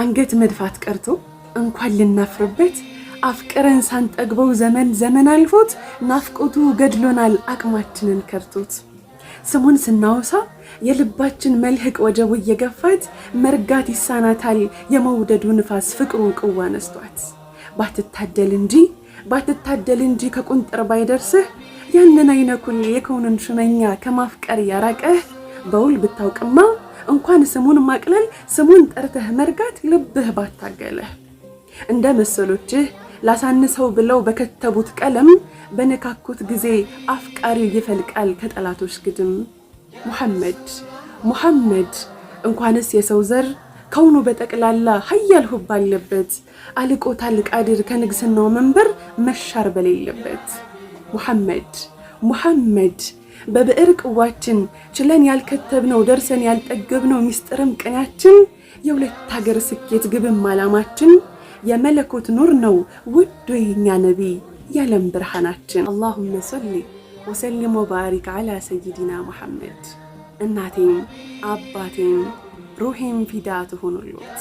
አንገት መድፋት ቀርቶ እንኳን ልናፍርበት አፍቅረን ሳንጠግበው ዘመን ዘመን አልፎት ናፍቆቱ ገድሎናል አቅማችንን ከርቶት ስሙን ስናወሳ የልባችን መልህቅ ወጀቡ እየገፋት መርጋት ይሳናታል የመውደዱ ንፋስ ፍቅሩ ቅዋ ነስቷት ባትታደል እንጂ ባትታደል እንጂ ከቁንጥር ባይደርስህ ያንን አይነኩል የከውንን ሽመኛ ከማፍቀር ያራቀህ በውል ብታውቅማ እንኳን ስሙን ማቅለል ስሙን ጠርተህ መርጋት ልብህ ባታገለህ እንደ መሰሎችህ ላሳንሰው ብለው በከተቡት ቀለም በነካኩት ጊዜ አፍቃሪው ይፈልቃል ከጠላቶች ግድም። ሙሐመድ ሙሐመድ እንኳንስ የሰው ዘር ከውኑ በጠቅላላ ሀያል ሁብ ባለበት አልቆታል ቃድር ከንግስናው መንበር መሻር በሌለበት ሙሐመድ ሙሐመድ በብዕር ቅዋችን ችለን ያልከተብነው ደርሰን ያልጠገብነው ሚስጥርም ቅኔያችን የሁለት ሀገር ስኬት ግብም አላማችን የመለኮት ኑር ነው ውድ የኛ ነቢ ያለም ብርሃናችን። አላሁመ ሰሊ ወሰልም ወባሪክ አላ ሰይዲና ሙሐመድ። እናቴም አባቴም ሩሄም ፊዳ ትሆኑሉት።